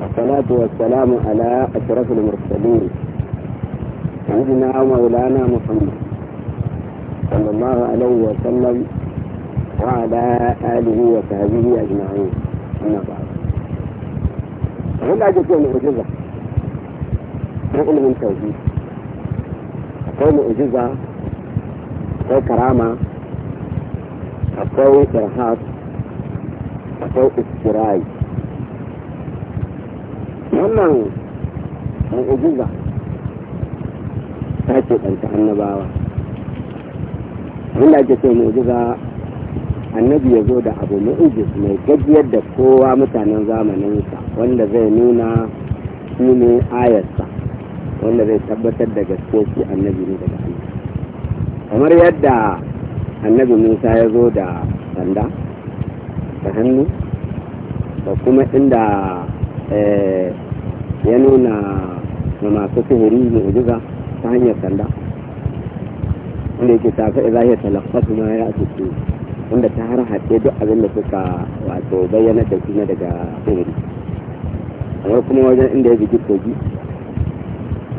والصلاة والسلام على أشرف المرسلين سيدنا مولانا محمد صلى الله عليه وسلم وعلى آله وصحبه أجمعين أما بعد هل تكون معجزة علم توحيد أقول معجزة أقول كرامة أقول إرهاب أقول استراي wannan mu'ujiza ta ce ɗanta annabawa wanda ake ce mu'ujiza annabi ya zo da abu mu'ujiz mai gajiyar da kowa mutanen zamaninsa wanda zai nuna shi ne ayarsa wanda zai tabbatar da gaske shi annabi ne daga Allah kamar yadda annabi Musa ya zo da sanda da hannu da kuma inda Eh, ya nuna da masu sihiri mu'jiza ta hanyar sanda wanda yake ta faɗi zahiyar talaffatu ma ya asusu wanda ta har haɗe duk abin da suka wato bayyana da shi daga sihiri kamar kuma wajen inda ya bigi kogi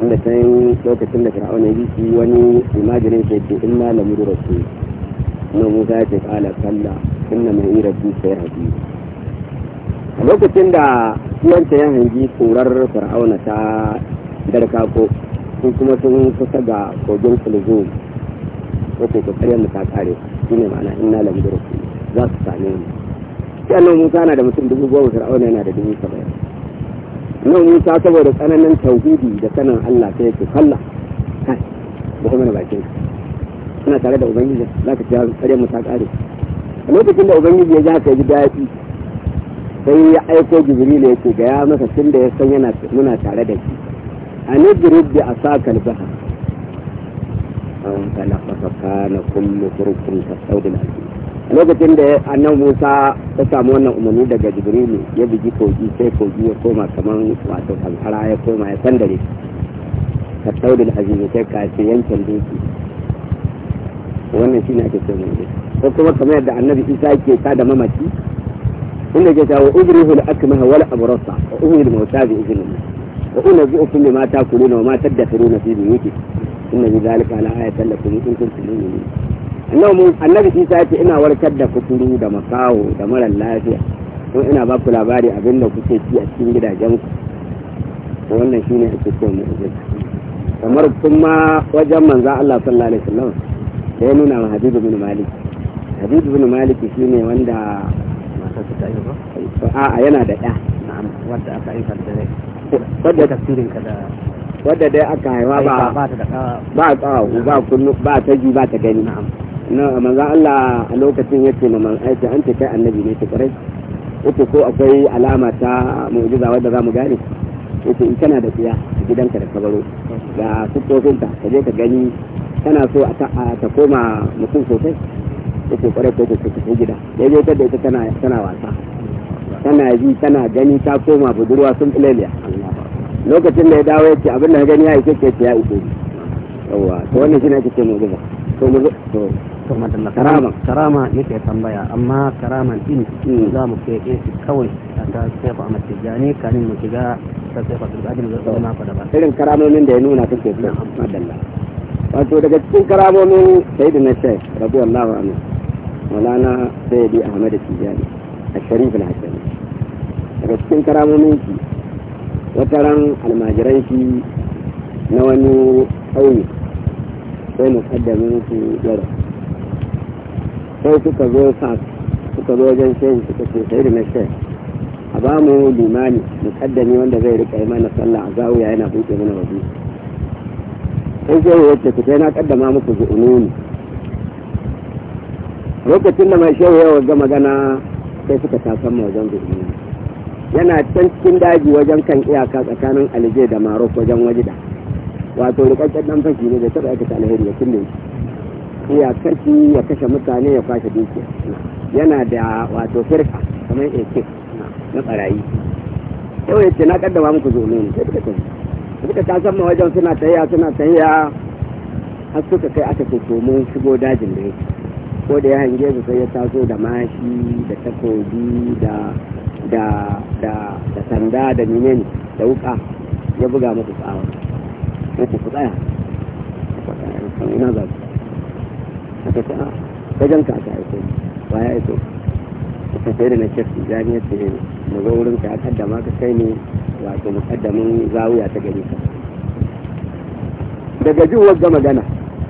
inda ta yi lokacin da fir'auna ya biki wani imajirin sai ce in malamu da rasu na musa ya ce ƙala kalla inna mai irar su sai haɗi a lokacin da shi wancan ya hangi korar fir'auna ta ko sun kuma sun kusa ga kogin kulzu wato ko tsare mu ta kare shi ne ma'ana inna lam yurku za su same mu shi annabi Musa na da mutum dubu goma fir'auna yana da dubu saba'in annabi Musa saboda tsananin tauhidi da sanin Allah sai ya ce kalla kai ba kuma na bakin suna tare da ubangiji za ka ci tsare mu ta kare a lokacin da ubangiji ya ji haka ya ji daɗi sai ya aiko jibril ya ce ga ya masa tun da ya san yana muna tare da shi a ne jirib da a sa kalbaha an kana fasaka na kullum kurkun ta saudin a lokacin da annan musa ta samu wannan umarni daga jibril ya bugi kogi sai kogi ya koma kaman wato kankara ya koma ya sandare ta saudin azimi sai ka ce yankin doki wannan shi ne ake ce ko kuma kamar yadda annabi isa ke ta da mamaci inda ke cewa ujrihu la akmaha wala abrasa wa umil mauta bi iznillah wa unabbi'ukum bima ta'kuluna wa ma tadathuruna fi buyutikum inna bi dhalika ala ayatan lakum in kuntum mu'minin annabi annabi Isa ya ina warkar da kuturu da makaho da mara ina ba labari abinda kuke ci a cikin gidajenku to wannan shine ake kamar kuma wajen manza Allah sallallahu alaihi wasallam da ya nuna wa Habibu bin Malik Habibu bin Malik shine wanda a'a yana aka ba ba ba ta gani na Allah a lokacin yace na man aiki an ce kai annabi ne ta ƙwarai ko akwai alama ta mu'jiza wadda za mu gane Uku in kana da tsiya a gidanka da kabaro ga sukofinta ka je ka gani kana so a ta koma mutum sosai yake kwarai ko kusa kusa gida ya je ta da ita tana wasa tana ji tana gani ta koma budurwa sun filaliya lokacin da ya dawo ya ce abin da ya gani ya yi kake ya uku yawa to wannan shi ne ake ce mu'jiza to mu to to madalla karama karama tambaya amma karaman din hmm. za mu kai shi kawai a ta sai ba mace jani kanin mu shiga ta sai ba da zai zama fa da ba irin karamomin da ya nuna kake ce madalla wato daga cikin karamomin sayyidina shaykh anhu maulana سيدي bi ahmad الشريف a sharif كرامو منكي daga cikin karamomin shi wata ran almajiran shi na wani ƙauye sai muƙaddamin su yaro sai suka zo limani mukaddami wanda zai rika yi mana sallah a zawiya yana mana waje sai sai ya ku sai na kaddama muku zuununi lokacin da mai shehu yawa ga magana sai suka tasan wajen birni yana can cikin daji wajen kan iyaka tsakanin alije da marok wajen wajida wato rikakken dan fashi ne da taɓa ta alheri ya kulle shi ya kashi ya kashe mutane ya kwashe dukiya yana da wato firka kamar ake na barayi yau ya ce na kaddama muku zo ne sai suka tafi suka tasan wajen suna tayya suna tayya har suka kai aka ce to mun shigo dajin da yake ko da ya hange su sai ya taso da mashi da takobi da da da da sanda da minen da wuka ya buga musu tsawon ya ku tsaya ina za su aka ta wajen ka aka aiko ba ya aiko aka sai da na shek jami'a ya ce mu zo wurin ka ya kaddama ka kai ne wato mukaddamin zawuya ta gari ka daga jin wagga magana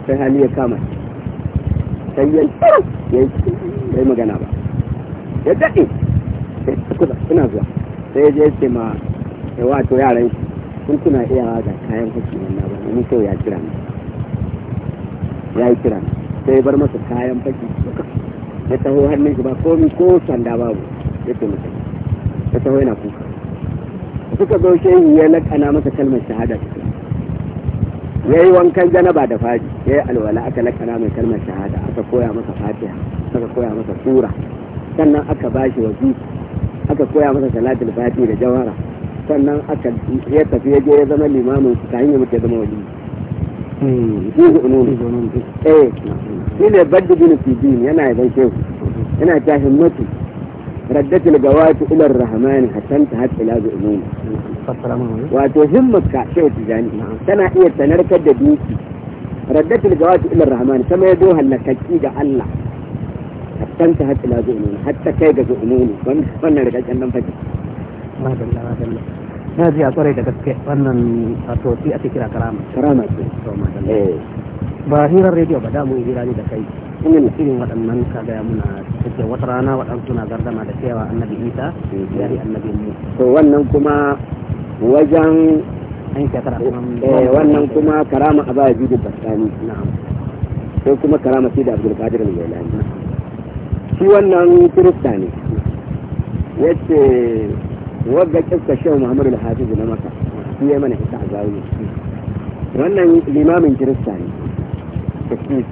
sai hali ya kama shi sai ya yi magana ba ya daɗe sai ta kusa suna zuwa sai ya je ce ma ya wato yaran shi sun tuna iya ga kayan hukki nan na ba mun kyau ya kira ni ya yi kira ni sai ya bar masa kayan faki suka ya taho hannun shi ba komi ko sanda babu ya ce mutum ya taho yana kuka suka zo shehi ya lakana masa kalmar shahada ta ya yi wankan janaba da fadi ya yi alwala aka lakana mai kalmar shahada aka koya masa fatiha aka koya masa sura sannan aka bashi wazifa aka koya masa salatul fatiha da jawara sannan aka ya tafi ya je ya zama limamin su kayan ya zama wali hmm. eh, shi ne bin fidin yana yana ta himmatu raddatul gawatu ila hatan ta wato himmatka tijani tana iya sanarkar da duki raddatul jawati ila rahman sama ya dohan lakaki ga Allah hattan ta hatta zuunun hatta kai ga zuunun wannan rikakken nan fake madalla madalla na ji a kwarai da gaske wannan wato shi ake kira karama karama ce to madalla eh ba hirar rediyo ba da mu hira da kai irin irin waɗannan ka gaya muna cikin wata rana waɗansu na gardama da cewa annabi isa ya annabi mu to wannan kuma wajen Eh, wannan kuma karama a baya jidin bastani sai kuma karama sai da abdul qadir mai lailani shi wannan kirista ne yace wadda kissa shehu muhammad al-hafiz na maka shi ya mana isa a zawiya wannan limamin kirista ne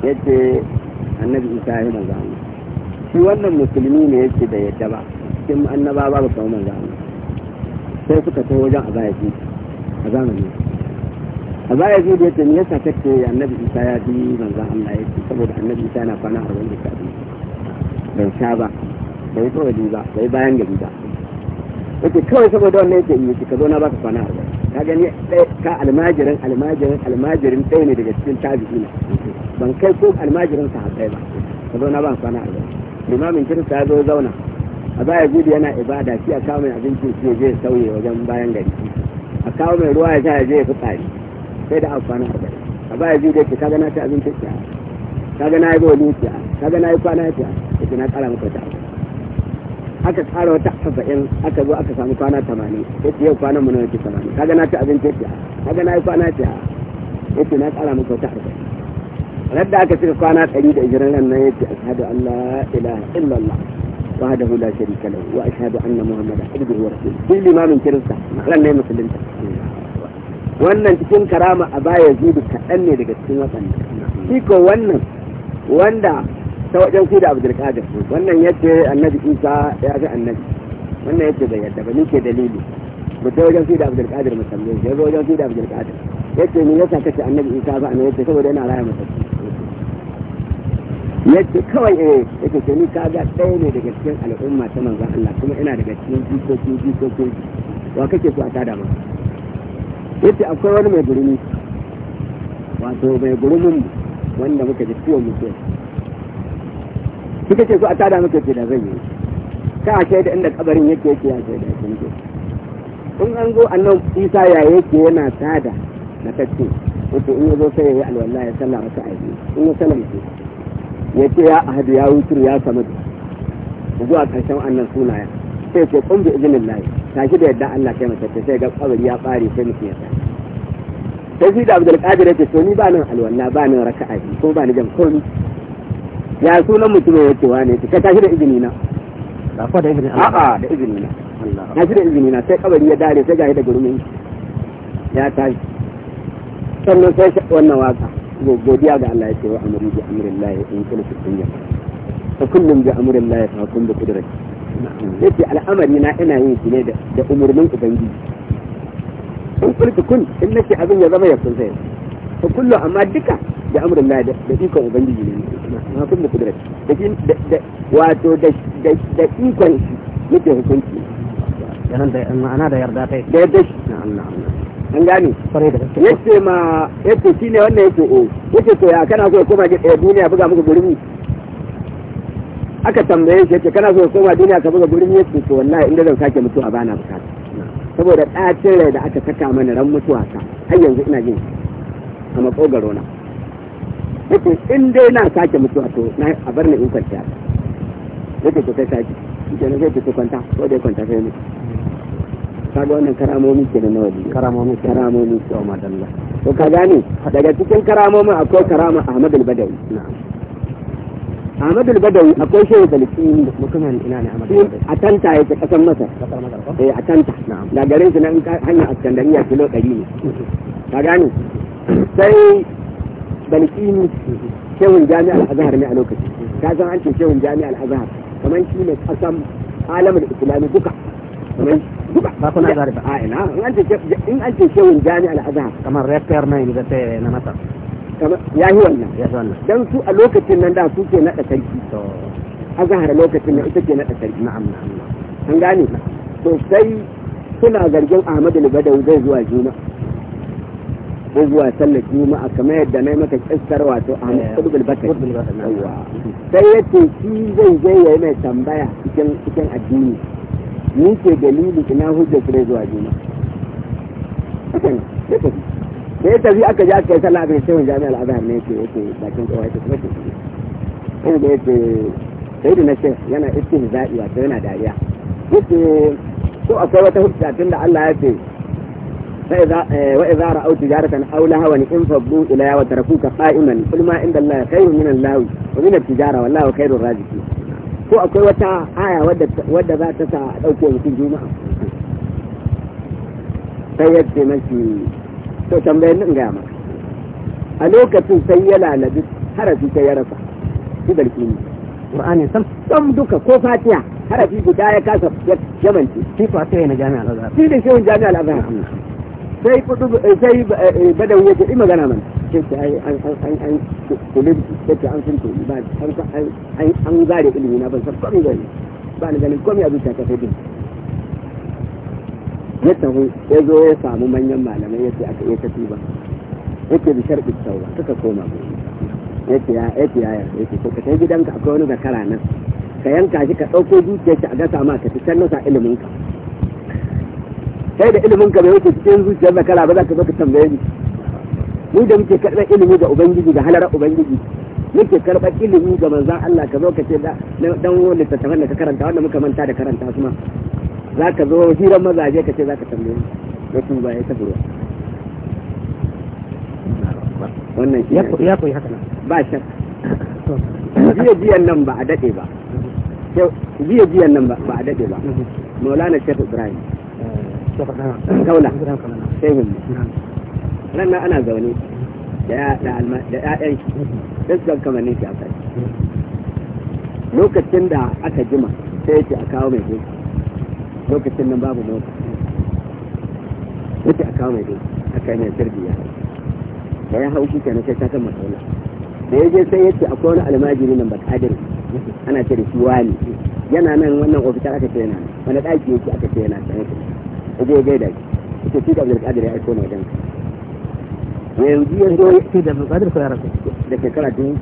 yace annabi isa ya manzo Allah shi wannan musulmi ne yace da yadda ba cikin annaba babu kawo manzo Allah sai suka ta wajen a baya jidin a zamanin a baya zai da yadda yasa kake annabi isa ya bi manzan allah ya ce saboda annabi isa yana kwana a wani ka ban sha ba bai kawai ba bai bayan gari ba yake kawai saboda wannan yake yi ka zo na baka kwana a ka gani ka almajirin almajirin almajirin ɗaya ne daga cikin na ban kai ko almajirin haɗai ba ka zo na baka kwana a limamin kirista ya zo zauna a baya gudu yana ibada shi a kamun abincin shi zai sauye wajen bayan gari a kawo mai ruwa ya sha ya je ya sai da amfanin a bari a baya ji dai kaga na ci abinci ta kaga na yi boli ta kaga na yi kwana ta da na kara maka ta aka tsara wata saba'in aka zo aka samu kwana tamanin ce yau kwanan mu na yake tamanin kaga na ci abinci ta kaga na yi kwana ta yace na kara maka ta arba'in radda aka cika kwana ɗari da ishirin ran nan yace ashhadu an la ilaha illallah wa hada hula shari'a wa ashhadu anna a abduhu wa rasuluhu duk limamin kirista ran yi musulunta wannan cikin karama a baya zubi kaɗan ne daga cikin waɗanda shi ko wannan wanda ta wajen ku da abdulkadir wannan yace annabi isa ya ga annabi wannan yace bai yadda ba ni ke dalili mu ta wajen ku da abdulkadir musamman ya ga wajen ku da abdulkadir yace ni yasa kace annabi isa ba annabi yace saboda yana raya masa yace kawai eh yace to ni kaga ɗaya ne daga cikin al'umma ta manzon Allah kuma ina daga cikin jikoki jikoki wa kake so a tada maka yace akwai wani mai gurumi wato mai gurumin wanda muka ji ciwon mutum suka ce su a tada muka ce da zai yi ka a shaida inda kabarin yake yake ya shaida shi ne in an zo annan isa ya yake yana tada na kacce wato in ya zo sai ya yi alwallah ya salla wata aiki in ya salla ce ya ce ya ahadu ya wutur ya samadu zuwa karshen annan sunaya sai ce kun bi izinin layi tashi da yadda Allah sai mace sai ga kabari ya fare sai mutum ya tashi sai shi da Abdul Qadir yace to ni ba nan alwala ba nan raka'a ko ba ni jam komi ya sunan mutum ya ce wane ka tashi da izini na ba ko da izini a'a da izini na Allah tashi da izini na sai kabari ya dare sai gashi da gurumin ya tashi sannan sai wannan waka godiya ga Allah ya ce wa amri bi amrillahi in kuntum tu'minun fa kullum bi amrillahi fa kun bi qudratihi yace al'amari na ina yin shi ne da umurnin ubangiji in kulli kun in nace abin ya zama ya kun sai to kullu amma duka da amrin Allah da ikon ubangiji ne na kullu kudrat da da wato da da ikon shi yake hukunci yanan da ma'ana da yarda kai da yadda shi na Allah an gani. kwarai da gaske yace ma yace shine wannan yake o oh. yace to ya kana ko koma ga eh, duniya buga muku gurbi aka tambaye shi yake kana so koma duniya ka buga gurin yesu to wallahi inda zan sake mutuwa ba na bukata saboda ɗacin rai da aka saka mana ran mutuwa ka har yanzu ina jin a makogaro na yake in dai na sake mutuwa to na a bar ni in kwanta yake to kai sake yace na zai to kwanta ko dai kwanta sai ni kaga wannan karamomi ke da waje karamomi karamomi ke wa madalla to ka gane daga cikin karamomin akwai karama Ahmad badawi na'am Ahmadu badawi akwai shehu Falistini mutumin ina ne Ahmadu badawi a Tanta yake kasar Masar kasar Masar ko eh a Tanta na'am da garin su nan hanya Iskandariya kilo 100 ne ka gani sai Falistini shehu jami'ar Azhar ne a lokaci ka san an ce shehu jami'ar Azhar kamar shi ne kasan alamul islami duka kamar duka ba kuna zarifa a ina in an ce shehu jami'ar Azhar kamar rektor na ne da na Masar ya yi wannan don su a lokacin nan da su ke naɗa sarki a zahar lokacin nan ita ke naɗa sarki na'am an gane to sai suna zargin ahmadu libadau zai zuwa juma ko zuwa sallar a kamar yadda na yi maka iskar wato ahmadu kudubul bakar sai ya ce shi zai je ya yi mai tambaya cikin addini ni ke dalili ina hujjar su zuwa juma'a da ya tafi aka ji aka yi sallah abin shehun jami'ar azhar ne yake yake bakin kowa yake kuma shekaru inda da yake sai da na shek yana iskin za'i wato yana dariya yake ko akwai wata hujja tun da Allah ya ce وإذا رأوا تجارة أو لهوا انفضوا إليها وتركوك قائما قل ما عند الله خير من اللهو ومن التجارة والله خير الرازقين ko akwai wata aya wadda za ta sa ɗauko mutum juma'a sai yadda mafi to tambayin nan gaya maka a lokacin sai ya lalabi harafi sai ya rasa shi barki ne qur'ani sam sam duka ko fatiya harafi guda ya kasa ya mance shi fatiha na jami'a al-azhar shi da jami'a al sai kudu sai eh, eh, badawi ya ima gana mana ce ai an an an an ba an ba ni ganin komai a ta ya tafi ya zo ya samu manyan malamai ya ce aka yi tafi ba ya ce bishar ɓisau ba suka koma ba ya ce ya ya yarda ya ce ko ka sai gidanka akwai wani zakara nan ka yanka shi ka ɗauko zuciyar shi a gasa ma ka fi can nasa ilimin ka sai da ilimin ka bai wuce cikin zuciyar zakara ba za ka zo ka tambaye ni mu da muke karɓar ilimi ga ubangiji ga halarar ubangiji muke karɓar ilimi ga manzan Allah ka zo ka ce dan wani littattafan da ka karanta wanda muka manta da karanta su ma za ka zo hirar mazaje ka ce za ka tambaye ya ba ya ta burwa wannan shi ya koyi haka ba shak jiya jiyan nan ba a daɗe ba mhm. jiya jiyan nan ba a daɗe ba mhm. maulana shek eh, ibrahim kaula shehun ran nan ana zaune mhm. da ‘ya'yan shi da su kamannin shi a kai lokacin da aka jima sai ya ce a kawo mai gobe lokacin nan babu mota yake a kawo mai dai a kai mai sirbiya da ya hau kuka na sai ta san matsala da ya je sai ya ce akwai wani almajiri nan ba kadiri ana ce da shi ne yana nan wannan ofisar aka ce yana wani ɗaki yake aka ce yana sanar da ya je gaida shi ita shi da kadir ya aiko na wajen yanzu ya zo yake da abdulkadir ko ya rasu da shekara biyu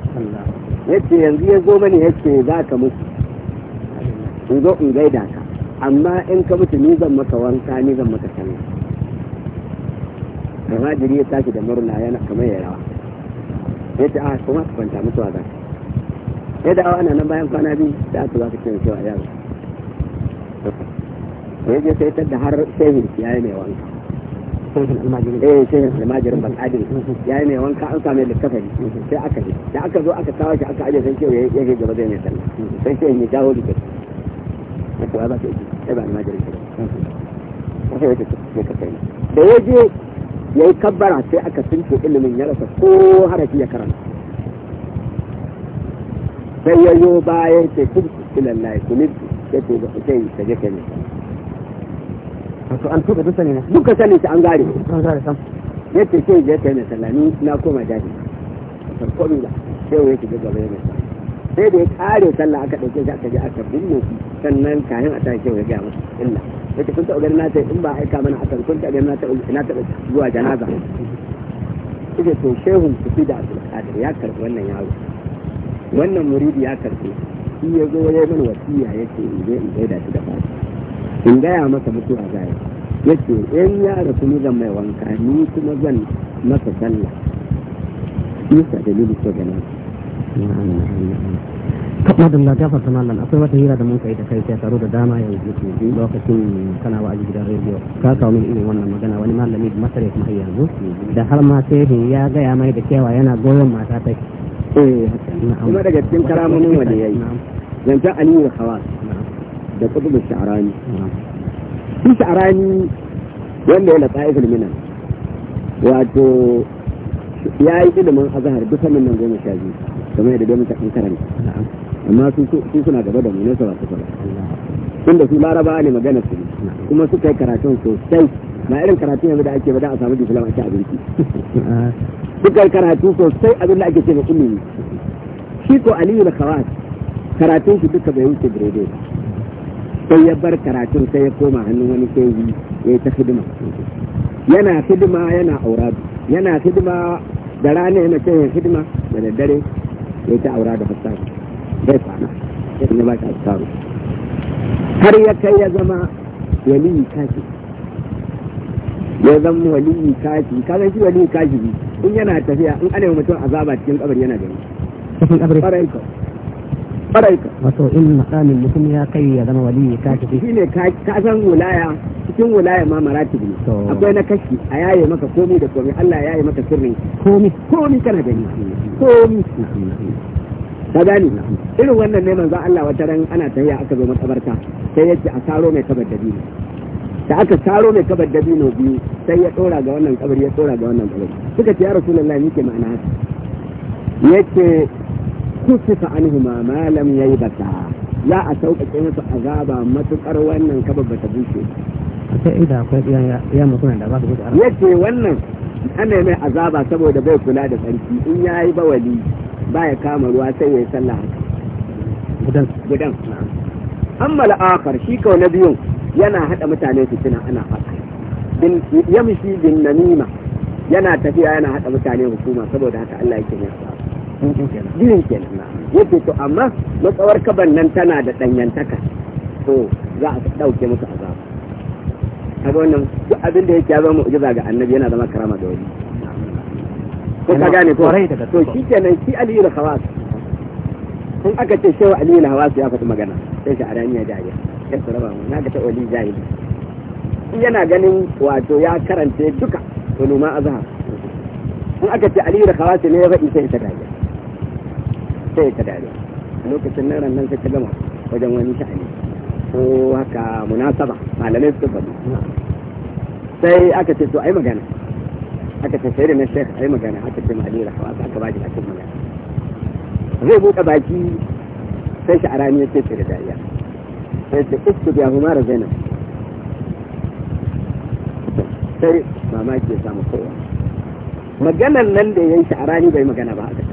yace yanzu ya zo mani yace za ka mutu in zo in gaida ka amma in ka mutu ni zan maka wanka ni zan maka sallah almajiri ya tashi da murna yana kamar ya rawa ya ce a ah, kuma ka kwanta mutuwa za ka ya da awa nan bayan kwana biyu da aka za ka ce cewa ya zo ya je sai ta da har shehin ya yi mai wanka eh shehin almajirin ban adin ya yi mai wanka an same littafi sai aka je da aka zo aka kawo shi aka aje san cewa ya ke gaba zai mai sallah sai shehin ya jawo da a kuwa za ka yi sai ba ni almajirin shi ba sai yake ya kafa yi da ya je ya yi kabbara sai aka tunce ilimin ya rasa ko harafi ya karanta sai ya yo bayan ce kun ilan layi kunin ya ce ba sai yi ta jefe ne wato an tuka duka ne na duka sani ta an gare an gare sam ya ce ce sai jefe ne sallami na koma jadi sarkomi da sai yake gaba ya mai sai da ya kare sallah aka ɗauke shi aka je aka binne shi sannan kayan a tashi ya gaya musu illa yace kun taɓa ganin nata in ba a aika mana akan kun taɓa ganin nata na taɓa zuwa janaza yace to shehun fi da abdul qadir ya karɓi wannan yaro wannan muridi ya karɓi shi ya zo ya mana wasiya yace in je in gaida shi da fata in gaya masa mutuwa zai yace in ya rasu ni zan mai wanka ni kuma zan masa sallah shi da dalilin ko janaza kaɗa da mata fasa mallam akwai wata hira da mun kai da kai ta taro da dama yanzu lokacin kana wa aji gidan rediyo ka kawo min irin wannan magana wani malami da masar kuma har yanzu da har ma sai ya gaya mai da cewa yana goyon mata ta eh, kuma daga cikin karamomin wani yayi zancen aliyu hawa da kutubu sha'arani shi sha'arani wanda ya latsa ikul minan wato ya yi ilimin azahar dukkanin nan goma sha biyu kamar yadda muka an karanta amma su suna gaba da mu ne sura tun da su laraba ne magana su kuma suka yi karatun sosai na irin karatu yanzu da ake bada a samu diploma ake abinci suka yi karatu sosai abin da ake ce mai ilimi shi ko aliyu da khawas karatun shi duka bai wuce birede sai ya bar karatun sai ya koma hannun wani kai ya yi ta hidima yana hidima yana aurabi yana hidima da rana yana cewa hidima da daddare ya ta aura da fasa zai kwana ya ya ba shi tsaro har ya kai ya zama waliyi kashi ya zama waliyi kashi kaga shi waliyi kashi in yana tafiya in ana yi mutum azaba cikin kabar yana da yi cikin kabar kwarai wato in makamin mutum ya kai ya zama wali ka tafi shi ne ka san wulaya cikin wilaya ma maratib ne akwai na kashi a yaye maka komai da komai. Allah ya yaye maka sirrin komai komi kana gani komi ka gani irin wannan ne manzo Allah wata ran ana tayya aka zo matsabarta sai yace a saro mai kabar dabino da aka taro mai kabar dabino biyu sai ya tsora ga wannan kabari ya tsora ga wannan kabari suka ce ya rasulullahi yake ma'ana haka yace kusifa anhuma ma lam yaybata ya a sauƙaƙe musu azaba matuƙar wannan kaba bata bushe yace wannan ana mai azaba saboda bai kula da sarki in ya yi bawali ba ya kama ruwa sai ya sallah gudan gudan amma la'akar shi kawai na biyun yana hada mutane su tuna ana faɗa yamshi bin namima yana tafiya yana hada mutane hukuma saboda haka Allah yake mai jirin kenan yake to amma matsawar kaban nan tana da danyantaka to za a dauke musu azaba kaga wannan duk abin da yake ya zama mu'jiza ga annabi yana zama karama da wani ko ka gane ko to shi kenan shi aliyu da khawas in aka ce shewa aliyu da khawas ya faɗi magana sai shi araniya sai ya saraba mu na ga ta oli jahili yana ganin wato ya karanta duka uluma azhar kun aka ce aliyu da khawas ne ya faɗi sai ita dariya sai ta a lokacin nan ran nan sai ta gama wajen wani sha'ani ko haka munasaba malamai su faɗi sai aka ce to ai magana aka ce sai da na shekh ai magana aka ce ma alira hawa aka ba shi a cikin magana zai buɗe baki sai shi arami ya ce da dariya sai ce uskub ya huma zainab sai mamaki ya samu kowa maganan nan da ya yi shi arami bai magana ba aka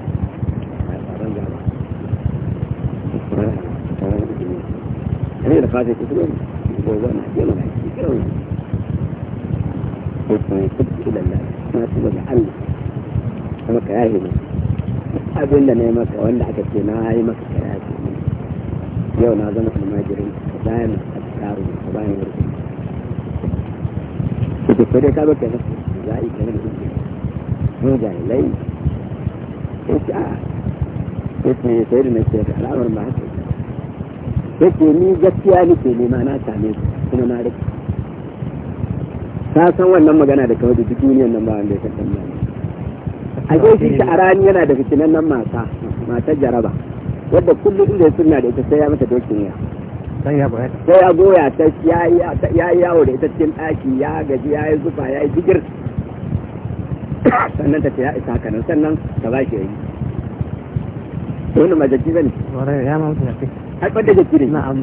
هي خاطئة تقول وأنا أحكي وأنا أحكي كلام قلت ما يسب إلى الله ما يسب لعل أما كراهي أقول لنا يا مكة ولا حكت لنا هاي مكة كراهي يوم ناظمة المهاجرين دائما أذكار وقبائل ورسل تفكر كابك نفسك زائي كلام من جاهلين إيش آه اسمي سيدنا الشيخ العمر ما حكي yake ni gaskiya nake ma na same kuma na rike ta san wannan magana da kawai duk duniyar nan ba wanda ya kasan nan a ke shi sha'arani yana da fitinan nan mata matar jaraba wadda kullum inda suna da ita sai ya mata dokin ya sai ya goya ta ya yi yawo da ita cikin ɗaki ya gaji ya yi zufa ya yi jigir sannan ta ce ya isa kana sannan ta ba shi yayi wani majalci zan ya ma mutu na haifar da gaske na'am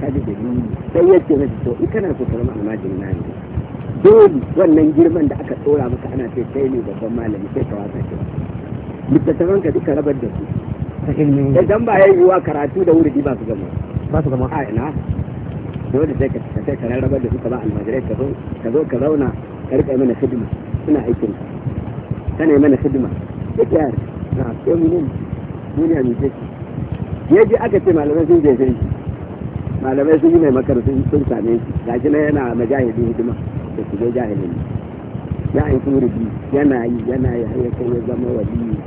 ka da dalili sai yace na to in kana so ka zama almajin na ne dole wannan girman da aka tsora maka ana ce kai ne babban malami sai ka wasa ce littattafan ka duka rabar da su idan ba ya yiwuwa karatu da wuri ba su gama ba su gama a ina dole sai ka sai ka rabar da su ka ba almajirai ka zo ka zo ka zauna ka rika mana hidima ina aikin ka kana mana hidima sai ka yare na sai mu duniya mu ya ji aka ce malamai sun jefe shi malamai sun yi mai makar sun same shi ga shi na yana majahidi hidima da su zai jahilin ya an turibi yana yi yana yi har ya kai ya zama wali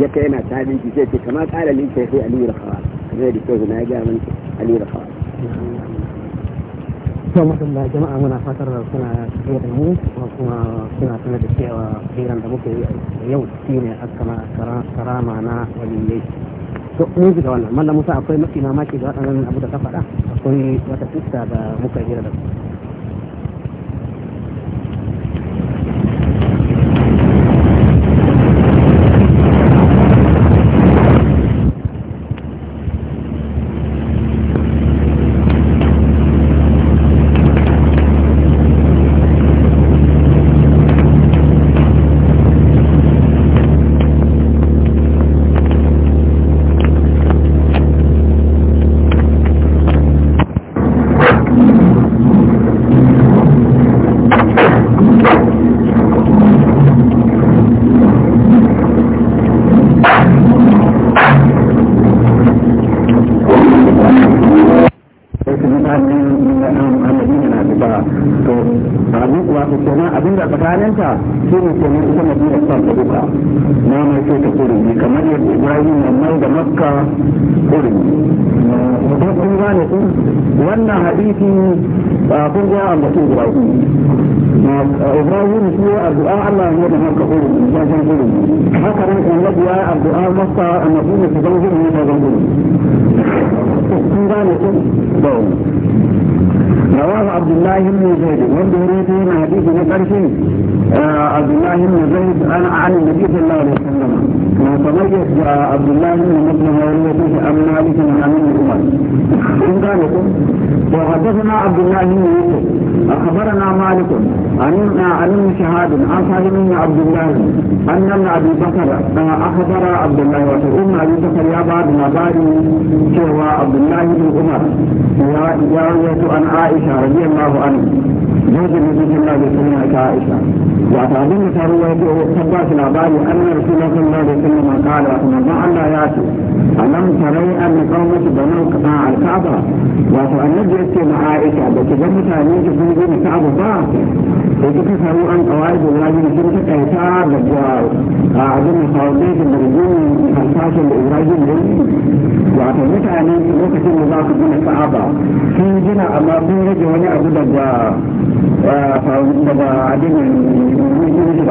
ya kai yana tarihi sai ce kama kala lin sai sai aliyu rakawa kamar da sai na ga mun aliyu rakawa to masalla jama'a muna fatar da suna tafiya da mu kuma suna sanar da cewa hiran da muke yau shine akama karama na waliyai mun ji da wannan mallam musa akwai mafi mamaki da waɗannan abu da ka faɗa akwai wata fuska da muka yi da su عليه وسلم ما تميز عبد الله بن ابن مولوده عن مالك عن ابن عمر ان ذلك وحدثنا عبد الله بن يوسف أخبرنا مالك عن عن شهاد عن سالم بن عبد الله أن ابن أبي بكر أخبر عبد الله وأن أبي بكر يا بعد ما بعد سوى عبد الله بن عمر يا جاوية عن عائشة رضي الله عنها زوج النبي صلى الله عليه وسلم عائشة وأتعلم تروي تبات العباد أن رسول الله صلى الله عليه وسلم قال وأتمنى أن لا يأتي ألم تري أن قومك بنوا الكعبة وأتعلم جئت مع عائشة بكذا متعلم an goma ta abu ba da ta samu an kawai da wani sun ta kaita daga abin da foundation da rigimin harsashen da ibrahim da yi mutane lokacin da za su gina ka'aba sun gina amma sun rage wani abu daga daga abin yin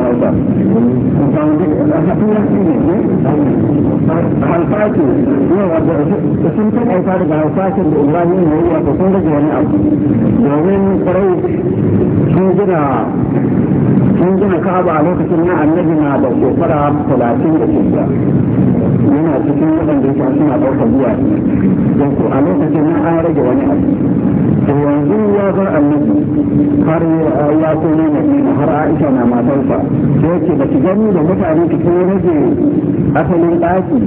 da hausa hafira shi ne halfaki yawa da sun ta ɗauka daga halfakin da ibrahim ya yi wato rage wani abu domin kwarai sun gina a lokacin na annabi na da shekara talatin da shida yana cikin waɗanda ya suna ɗaukar zuwa don a lokacin na an rage wani abu to yanzu ya bar annabi ya so ne madina har aisha na matarsa sai yake ba ki gani da mutane ki sun rage asalin ɗaki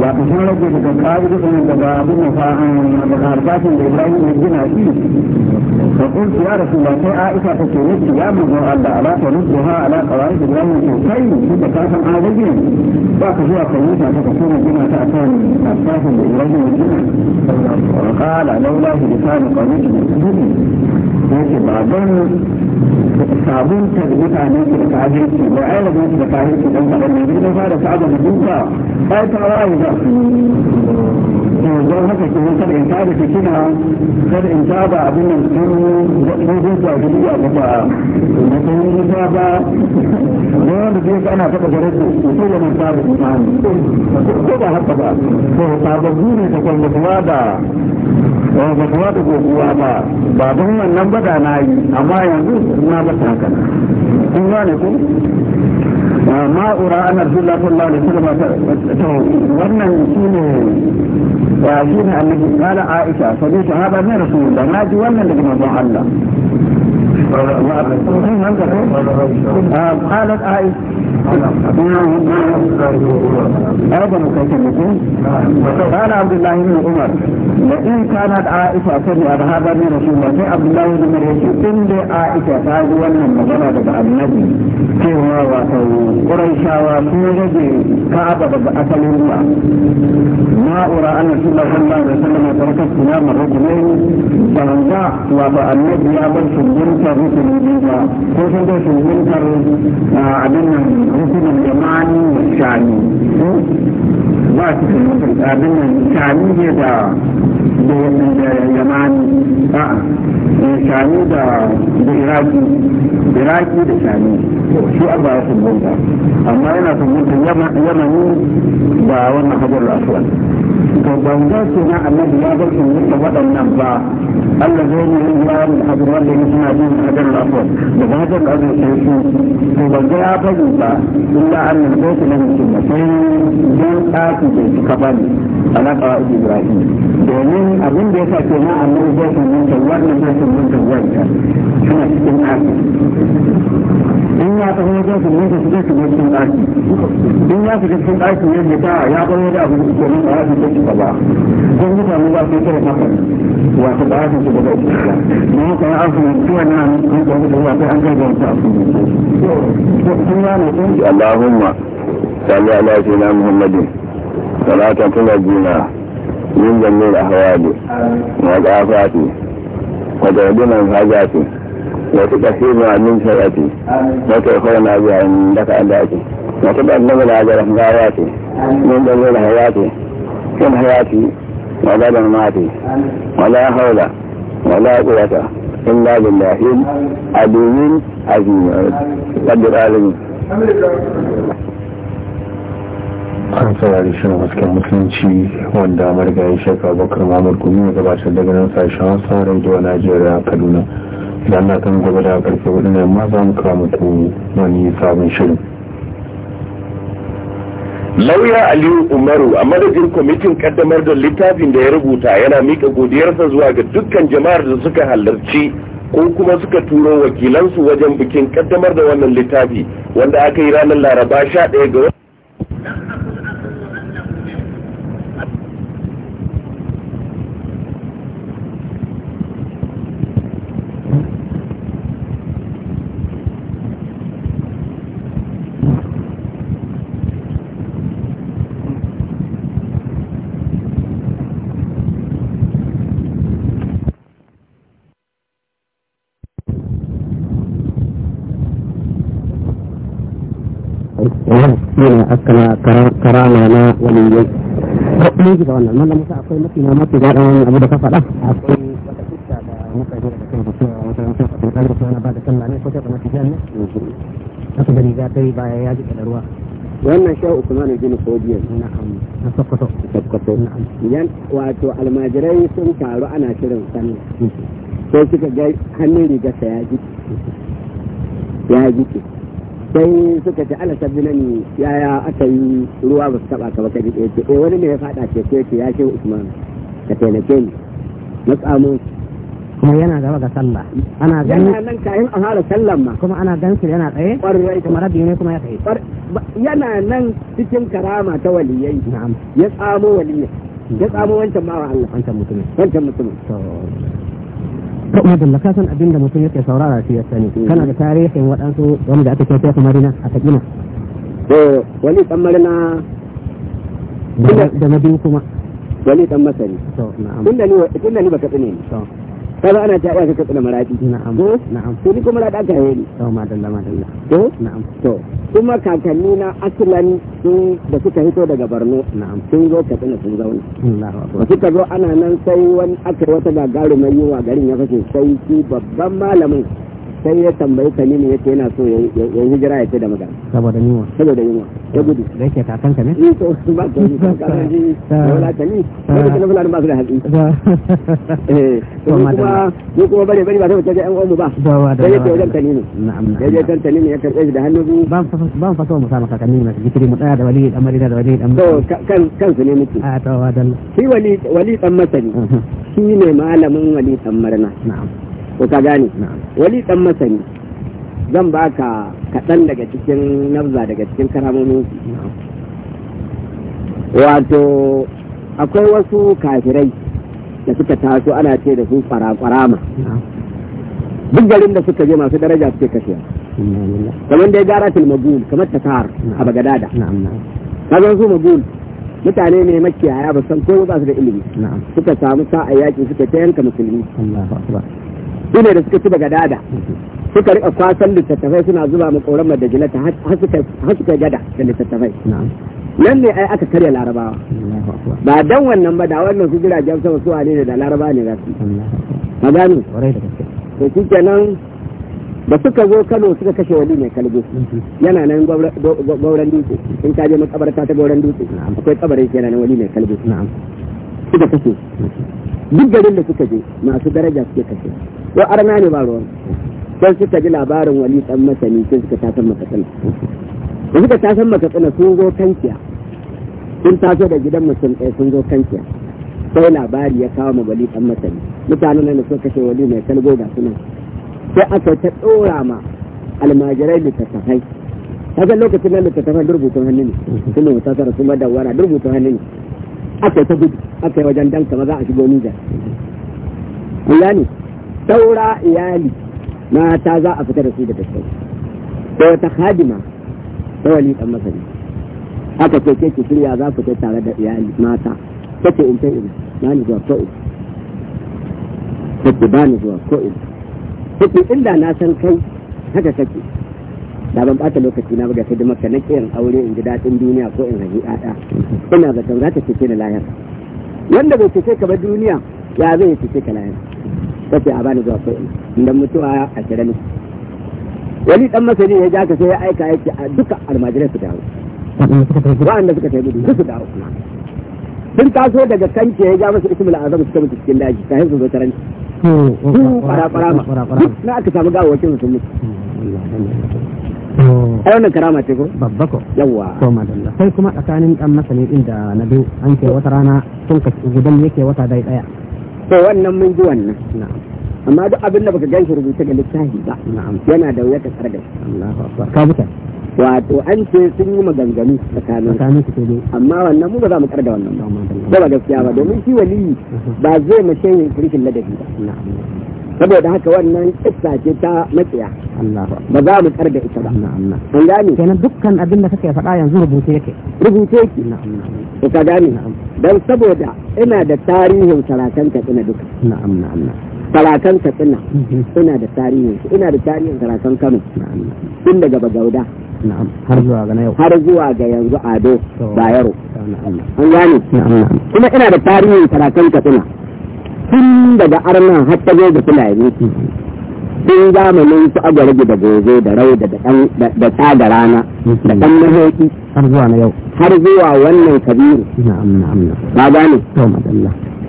ba ku sun rage daga ƙari da daga abin da fa'an daga harkafin da ibrahim ya gina shi fa kuntu ya rasu ba sai aisha ta ce miki ya manzon allah ala ta rubduha ala qawari ibrahim sosai shi da ka san an rage ba ka zuwa ka wuta ta ka koma gina ta akan harkafin da ibrahim ya gina qala laula lisan qawmi yake ba don sabon tarbuta ne ke da kafirci ba ai da da kafirci don kaɗan ne duk fara saba da duka ai ta waye ba su don haka ke nan kada ta da fitina kada in ta ba abin nan sun zuwa da iya ba ba da sun yi ta ba don da zai ana faɗa gare su su so da manta da imani ko ba haka ba to sababbi ne da kwallon da ba ba kuma da goguwa ba ba don wannan ba da na yi amma yanzu na ba ta haka kun gane ko ma ura ana zulla sallallahu alaihi wasallam to wannan shine wa shine annabi kana aisha sabi sahaba ne rasulullah naji wannan daga manzon Allah قالت عائشة أيضا قال عبد الله بن عمر لئن كانت عائشة سمعت هذا من رسول الله عبد الله بن عمر إن عائشة تعالى وأن المجرى النبي cewa wato ƙuraishawa sun rage ka'aba daga asalin ruwa na'ura an rasu da sallallahu alaihi wasallam a farkon kiyamar rukunai ban ga wato annabi ya rukuni biyu ba ko sun kai shugabantar abin nan rukunin jamani shani ba su shugabantar abin nan shani ne da jamani ba shani da iraki iraki da shani su an ba su amma yana shugabantar yamani ba wannan hajjar aswad ban dace na annabi ya ga sun yi waɗannan ba Allah zai ne yin yawon hajar wanda ya suna jin hajar lafiya da ba hajar da zai sai su to ban ga ya bari ba in da an yi ko su na mutum da sai yan tsaki da ka bani alaƙa Ibrahim domin abin da ya sa kenan annabi zai sun mutu da wannan zai sun mutu da suna cikin tsaki in ya tafi wajen su ne su je su cikin ɗaki in ya fita cikin ɗaki ne ya ta ya bar wani abu da ke nan ba su don ba su kira wato ba asu ne da wata an kai wata asu ne sun ya ne sun Allahumma ala sayyidina Muhammadin salatan tunajina min wa qafati wa وتكفينا من سيئته وتدخلنا بها عندك عباده وتبلغنا اجل غاياته من دليل حياته كم حياتي ولا مماتي ولا حول ولا قوة إلا بالله العلي العظيم رب العالمين an saurari shi hasken musulunci wanda marigayi shekaru bakar mamar gumi ya gabatar daga nan sashen sauran zuwa najeriya kaduna da na kan gaba da karfe hudu ne amma za mu kawo muku wani sabon shirin lauya aliyu umaru a madadin kwamitin kaddamar da littafin da ya rubuta yana mika godiyarsa zuwa ga dukkan jama'ar da suka halarci ko kuma suka turo wakilansu wajen bikin kaddamar da wannan littafi wanda aka yi ranar laraba 11 ga karama na waliyai ko mun ji da wannan mallam Musa akwai mafi na mafi da wannan abu da ka faɗa akwai wata da muka yi da wata na ba da ne ko ta mafi baya ya ji da ruwa wannan sha na Sokoto Sokoto yan wato almajirai sun taru ana shirin sallah sai ga hannun rigarsa ya ji ya ji sai suka ce ala nan yaya aka yi ruwa ba su taba ka ba ka jike ce eh, wani ne ya fada ce ce ya ce usman ka taimake ni na tsamo kuma yana gaba ga sallah ana ganin yana nan kayan a fara sallan ma kuma ana ganin yana tsaye kwarai kuma rabbi ne kuma ya tsaye yana nan cikin karama ta waliyai ya tsamo waliyai ya tsamo wancan wa Allah wancan mutumin wancan mutumin to da ka san abin da mutum yake saurara shi ya sani mm. kana da tarihin waɗansu wanda aka kai kuma rina a takina to wani dan marina da na madin kuma wani dan masani to na'am tunda ni tunda ni baka tsine ni to kaga ana ta ka katsu da marafi na'am eh? na'am ko ni kuma da ka yi to madalla madalla ko eh? na'am to kuma kakanni na aslan sun da suka hito daga Borno na'am sun zo tsina sun zauna Allahu akbar suka zo ana nan sai wani aka wata gagarumar yiwa garin ya fashe sai ki babban malamin sai ya tambayi tamimu ya yake yana so ya hijira ya ce da magana saboda yunwa saboda yunwa ya gudu da yake eh, kakan ka ne ni to su ba ka ni ji wala ka ni wala ka fulani ba su da hatsi eh to kuma ni kuma bare bare ba sai ta yan uwan mu ba sai ya ce wajen tamimu na'am ya je kan tamimu ya karbe shi da hannu biyu ban ban faso mu sama kakan ni na jikiri mu daya da wali dan marina da wali dan to kan kan su ne muke a to wadalla shi wali wali dan masani uh-huh. shi ne malamin wali dan marina na'am ko ka gane wali dan masani zan baka kaɗan daga cikin nabza daga cikin karamomin wato akwai wasu kafirai da suka taso ana ce da su kwarakwarama duk garin da suka je masu daraja suke kashewa kamar dai til magul kamar ta tar a bagadada kazan su magul mutane ne makiyaya ba san ko ba su da ilimi suka samu sa'a yaƙi suka ta yanka musulmi su ne da suka ci daga dada suka rika kwasan littattafai suna zuba mu tsoron jilata har suka gada da littattafai nan ne ai aka karya larabawa ba dan wannan ba da wannan su jiragen sama su ne da laraba ne za su ka da to shi kenan da suka zo kano suka kashe wani mai kalgo yana nan gauran dutse in ka je makabarta ta gauran dutse akwai kabarin kenan wani mai kalgo suka kashe duk garin da suka je masu daraja suke kashe ko arna ne ba ruwan sai suka ji labarin wali dan masani sai suka maka tsana da suka maka tsana sun zo kankiya sun taso da gidan mutum ɗaya sun zo kankiya sai labari ya kawo ma wali dan masani mutanen nan suka kashe wali mai kalgo ga suna sai aka ta ɗora ma almajirai littattafai kaga lokacin nan littattafan durbutun hannu ne suna wata tara su madawara durbutun hannu ne aka ta gudu aka yi wajen danka ba za a shigo Nijar. Allah ne, saura iyali mata za a fita da su da daskar. Da wata hadima ta wani ɗan masani. Aka ce ke shirya za su kai tare da iyali mata. Ta ce in ta ina, na ni zuwa ko'in. Ta ce ba ni zuwa ko'in. Ta ce inda na san kai haka kake. da ban bata lokaci na buga hidima ka nake in aure in ji dadin duniya ko in haji ada ina ga tun zata cike ni lahira wanda bai cike ka ba duniya ya zai cike ka lahira kace a bani zuwa ko inda mutuwa a kira ni wani dan masani ya ja ka sai ya aika yake a duka almajirai su dawo da suka tafi gudu su dawo sun taso daga kanke ya ja masu ismul azam suka mutu cikin daji ta su zo karanci su fara fara ma na aka samu gawo wakil sun mutu Mm. ai wannan karama ce ko babba ko yawa to madalla sai kuma tsakanin dan masani din da na biyu an ce wata rana tun ka gudan yake wata dai daya to wannan mun ji wannan na'am amma duk abin da baka ganshi rubuta ga littafi ba Na'am. yana da wuya ka Allahu da ka buta wato an ce sun yi maganganu tsakanin su amma wannan mu ba za mu karda da wannan ba ba gaskiya ba domin shi wali uh-huh. ba zai mace yin kirkin ladabi ba saboda haka wannan kissa ce ta makiya ba za mu karga ita ba an gane kenan dukkan abin da kake faɗa yanzu rubuce yake rubuce yake to ka gane dan saboda ina da tarihin sarakan katsina duka na'am na'am na'am ka katsina mhm. Ina da tarihin ina da tarihin sarakan kano tun daga bagauda har zuwa ga yau har zuwa ga yanzu ado bayero an gane kuma ina da tarihin sarakan katsina tun daga arnan har ta da fulani tun zamanin su agwargi da gobe da rau da da rana da ɗan mahaifi har zuwa na yau har zuwa wannan kabiru ba gane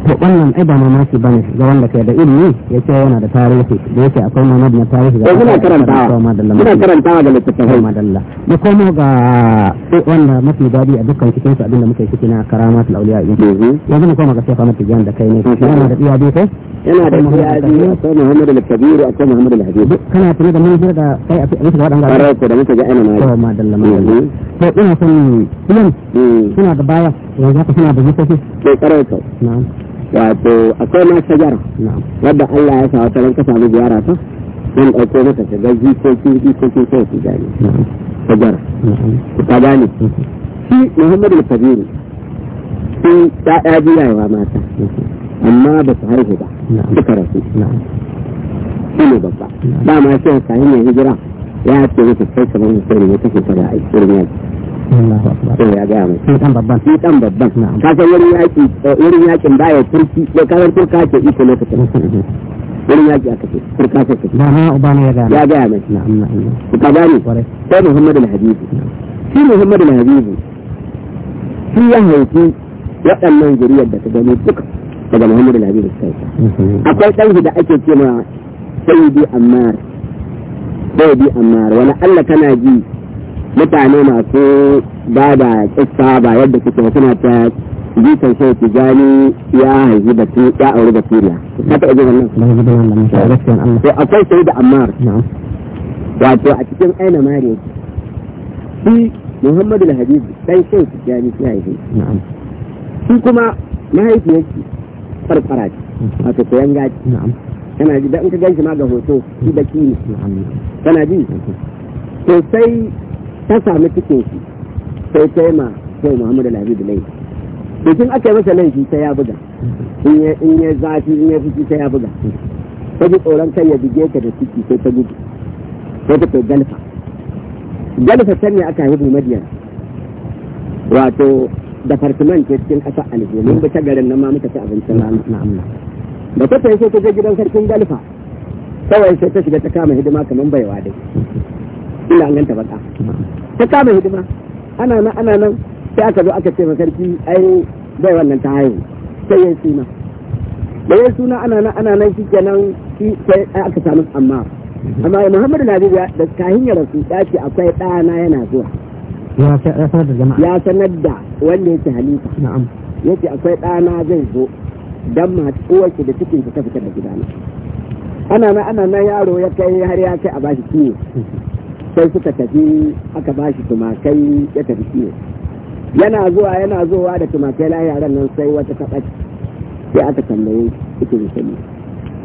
to wannan ai ba ma ba bane ga wanda kai da ilimi yake yana da tarihi da yake akwai mamad na tarihi da muna karantawa muna karantawa da littafin littattafai madalla mu komo ga wanda mafi dadi a dukkan cikin su abinda muke ciki na karamat lauliya yanzu mhm. yanzu mu koma ga sai kamar tijan da kai ne mhm. yana da iya biyu kai yana da iya biyu akwai muhammad al-kabir akwai muhammad al hadid kana tare da mun jira da kai a cikin wadannan garin ko da muke ga ina na to madalla madalla mhm. to ina son ilimi suna da baya yanzu ka suna da zuciya ke karanta na'am wato akwai ma shajara wadda Allah ya sa wata ranka samu ziyara ta sun ɗauko mata shagar jikokin jikokin sai su gane shajara ta gane shi Muhammadu al-Kabiru sun ɗaɗa yawa mata amma ba su harfi ba suka rasu shi ne babba ba ma shi a sahin ya hijira ya ce mata sai kamar mutum ne ta shekara a cikin yaki sai ya gaya mai dan babban shi dan babban ka san wurin yaki eh, wurin yakin baya turki ko kawar turka ke iko lokacin wurin yaki aka ce turka ce na na ubana ya gaya ya gaya mai na'am na'am ka gani sai Muhammad al-Habibi shi Muhammad al-Habibi shi ya haifi waɗannan zuriyar da ta gani duka daga Muhammad al-Habibi sai mhm. akwai ɗan da ake cewa sayyidi Ammar sayyidi Ammar wani Allah kana ji mutane masu ba da tsitsa ba yadda suke suna ta jikin sai tijani ya haifi da su ya auri da siriya haka iji wannan to akwai sai da ammar wato a cikin aina mare shi muhammadu al-habib dan sai tijani ya haifi shi kuma mahaifiyar shi farfara ce wato koyan gaji kana ji da in ka gan shi ma ga hoto shi baki ne kana ji to sai ta sami cikin shi sai ta yi ma sai muhammadu labidu laifi bikin ake yi masa laifi sai ya buga in ya zafi in ya fiki sai ya buga ta ji tsoron kai ya bige ka da ciki sai ta gudu sai ta kai galfa galfa can ne aka haihu madiyar wato department ke cikin kasar aljihu ba bi ta garin nan ma muka ci abincin na amma da ta sai ta je gidan sarkin galfa kawai sai ta shiga ta kama hidima kamar baiwa dai ina hanganta baka ta kama hidima ana nan ana nan sai aka zo aka ce ma sarki ai bai wannan ta haihu sai yayin suna da yayin suna ana nan ana nan shikenan nan sai aka samu amma amma Muhammadu Nabi da kahin su rasu ya ce akwai ɗana yana zuwa ya sanar da wanda yake halifa na'am yace akwai ɗana zai zo dan ma uwarki da cikin ta fitar da gidana ana nan ana nan yaro ya kai har ya kai a bashi ciwo sai suka tafi aka ba shi tumakai ya tafi kiwo yana zuwa yana zuwa da tumakai yaran nan sai wata kaɓa sai aka tambaye ita da sani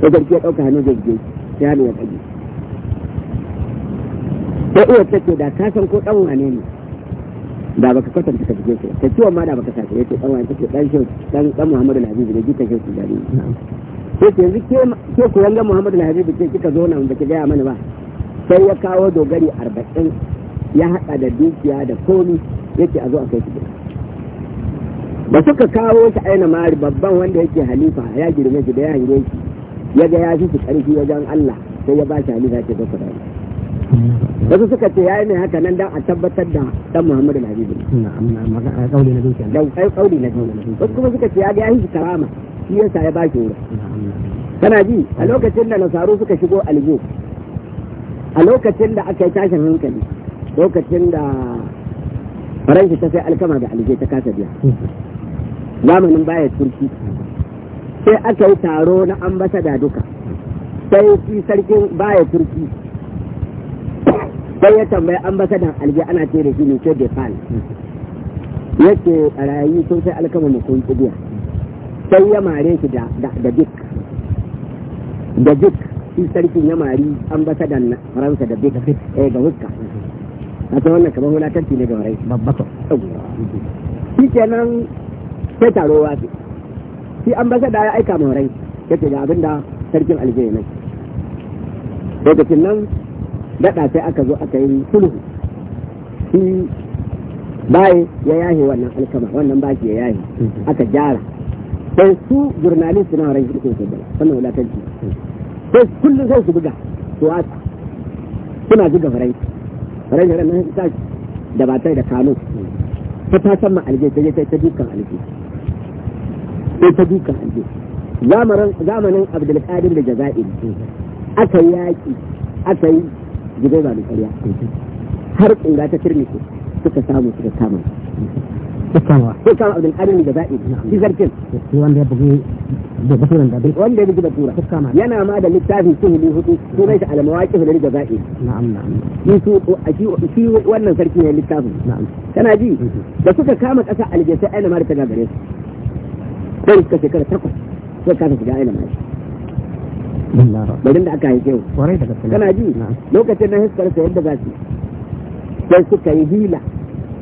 sai garki ya ɗauka hannun jirgi sai hannu ya ɗage sai uwar ta ce da ka san ko ɗan wane ne da baka kwatanta ka fice ta ciwon ma da baka sace yace ɗan wani ce ɗan shehu ɗan ɗan Muhammadu Lazizi da jikan shehu Tijani sai yanzu ke ko yanga Muhammadu Lazizi ce kika zo nan baki gaya mana ba sai ya kawo dogari arba'in ya haɗa da dukiya da komi yake a zo a kai su gida suka kawo shi aina mari babban wanda yake halifa ya girme shi da ya hange shi ya ga ya fi su ƙarfi wajen Allah sai ya ba shi halifa ce zaka da wasu suka ce yayi mai haka nan dan a tabbatar da dan Muhammadu na dukiya kai kauli na dukiya wasu kuma suka ce ya ga ya fi karama shi yasa ya ba shi wuri kana ji a lokacin da nasaru suka shigo aljo a lokacin da aka yi tashin hankali lokacin da faransa ta sai alkama da alje ta kasa biya zamanin baya turki sai aka yi taro na ambasada duka sai fi sarkin baya turki sai ya tambayi ambasadan alje ana ce da shi ne ke defal yake rayu sun sai alkama mu kun biya sai ya mare shi da duk da duk shi sarki ya mari an basa da faransa da beka fit eh ga wuska a ta wannan kamar wulatanci ne ga warai babbato shi nan sai taro wasu shi an basa da ya aika ma warai ya ce ga abin da sarkin aljiya nan lokacin nan daɗa sai aka zo aka yi sulhu shi baye ya yahe wannan alkama wannan baki ya yahe mm-hmm. aka gyara sai su jurnalist suna warai shi ko wannan wulatanci sai kullum sai su buga su wasa suna buga faranki faranki ran nan ta da ba da kano ta ta san ma alje ta je ta dukan alje sai ta dukan alje zamanin abdulkadir da jaza'ir aka yi yaƙi aka yi jibai ba mu karya har ƙunga ta turmi suka samu suka kama hikama hikama abdul karim da za'i shi sarkin wanda ya bugi da basuran da wanda ya bugi basura yana ma da littafi sun hudu hudu sunan shi al-mawaqif da jaza'i na'am na'am shi su shi wannan sarki ne littafin na'am kana ji mhm. da suka kama ƙasa aljasa aina ma da ta gagare su sai suka shekara takwas suka ka shiga aina ma bari da aka haife kwarai da gaske kana ji lokacin na hiskar sa yadda za su sai suka yi hila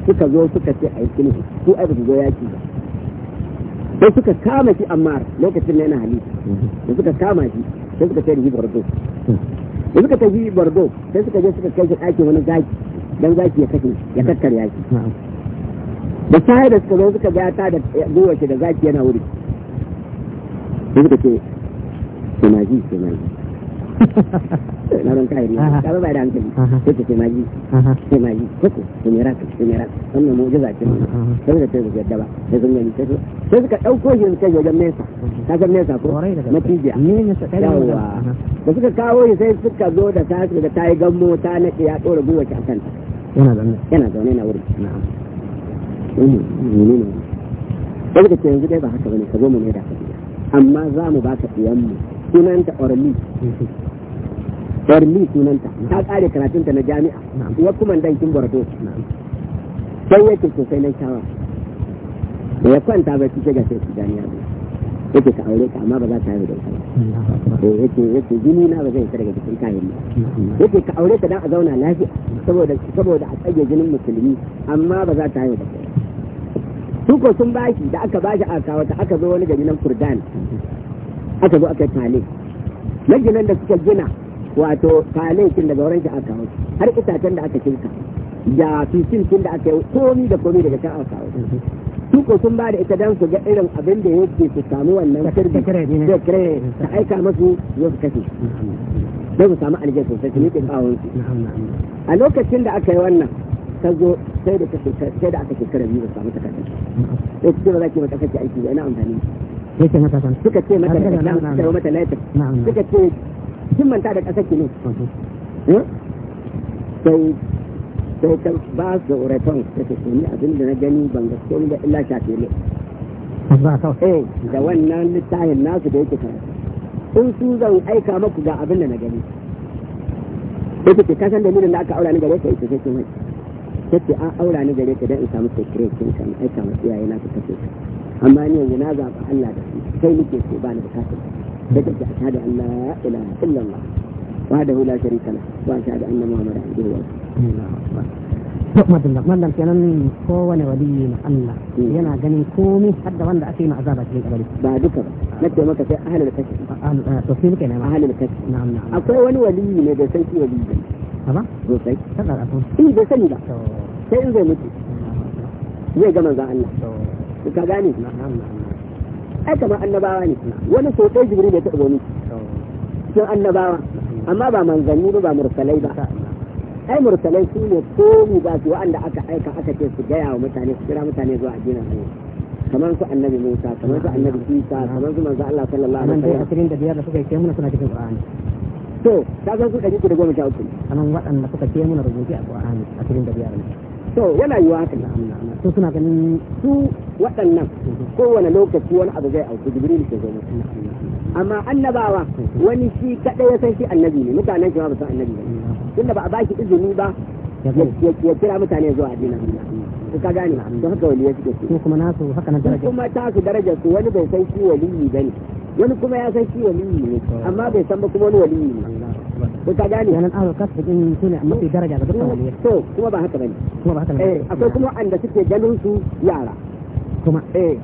suka zo suka ce a yi sulhu su ai su zo yaki ba sai suka kama shi amma lokacin na yana halitta da suka kama shi sai suka ce da bardo da suka tafi bardo sai suka je suka kai shi ɗakin wani zaki don zaki ya kashe ya kakkar yaki da sai da suka zo suka ga ta da gowace da zaki yana wuri sai suka ce sunaji sunaji na ran kai ka ba da hankali yake maji ce maji koko ce mai raka ce mai ce sai da sai yadda ba sai sun yi kaso sai suka dauko shi suka yi wajen nesa ka san nesa ko natija yawa da suka kawo shi sai suka zo da ta da ta yi gammo ta nake ya dora gwiwa ki akan yana zaune yana zaune na wuri na'am ce yanzu dai ba haka bane ka zo mu ne da amma za mu baka diyan mu sunanta orli orli sunanta ta kare karatunta na jami'a wa kuma dan kin bordo sai yake to sai nan da ya kwanta ba kike ga sai jami'a yake ka aure ka amma ba za ta yi da ita eh, yake yake jini na ba zai fita daga cikin kayan ba yake ka aure ka dan a zauna lafiya saboda saboda a tsage jinin musulmi amma ba za ta yi da ita su ko sun bashi da aka bashi a kawata aka zo wani gari nan kurdan aka zo aka tale majinan da suka gina wato kin daga wurin shi aka hau har itacen da aka shuka da fitin da aka yi komi da komi daga kan aka su ko sun ba da ita dan su ga irin abin da yake su samu wannan sirri da kare ta aika masu yau su kace don su samu aljihar sosai su yake bawon su a lokacin da aka yi wannan ta zo sai da aka shekara biyu ba samu takardar Sai ce ba za ki ba kasa aiki ba ina amfani yake mata san suka ce mata da nan da mata laifin suka ce kin manta da kasar ki ne sai sai ta ba su raton ta ce ni abin da na gani ban ga komai da illa shafe ne eh da wannan littafin nasu da yake karatu in su zan aika maku ga abin da na gani yake ce kasan dalilin da aka aura ni gare ka ita sai kin wai yace an aura ni gare ka dan in samu secret kin kan aika masu iyaye na su kace amma ni yanzu na zaɓa Allah da shi sai nake so ba ni bukatar da kake a shahada Allah ya ilaha illallah wa da hula sharika la wa shahada anna muhammad abduhu wa to madalla mallam kenan ko kowane waliyi na Allah hmm. yana ganin komai har da wanda ake yi azaba cikin kabari ba duka ba na ce maka sai ahlul kashi eh, to sai muke nema ahlul kashi na'am na'am akwai wani waliyi ne da sai waliyi ne haba to sai kada ka to eh, in da sani ba sai in zai mutu zai ga manzo Allah ka gane ai kamar annabawa ne wani so ɗaya da ya taɓa wani cikin annabawa amma ba manzanni ba ba mursalai ba ai mursalai su ne komi ba su wa'anda aka aika aka ce su gaya wa mutane su kira mutane zuwa addinin Allah kamar su annabi Musa kamar su annabi Isa kamar su manzo Allah sallallahu alaihi wasallam asirin da biyar da suka kai muna suna cikin Qur'ani to ka san su 313 anan waɗanda suka kai muna rubuce a Qur'ani asirin biyar to yana yiwa haka to suna ganin su waɗannan kowane lokaci wani abu zai auku jibril ke zo amma annabawa wani shi kaɗai ya san shi annabi ne mutanen shi ba san annabi ba tunda ba a baki izini ba ya kira mutane zuwa addinin Allah ka gane to haka waliya suke su kuma nasu haka na daraja kuma ta su daraja su wani bai san shi waliyi bane wani kuma ya san shi waliyi ne amma bai san ba kuma wani waliyi ne ko ka gane nan ahlul kasb din sune mafi daraja ga dukkan wani to kuma ba haka bane kuma ba haka bane eh akwai kuma wanda suke ganin su yara kuma eh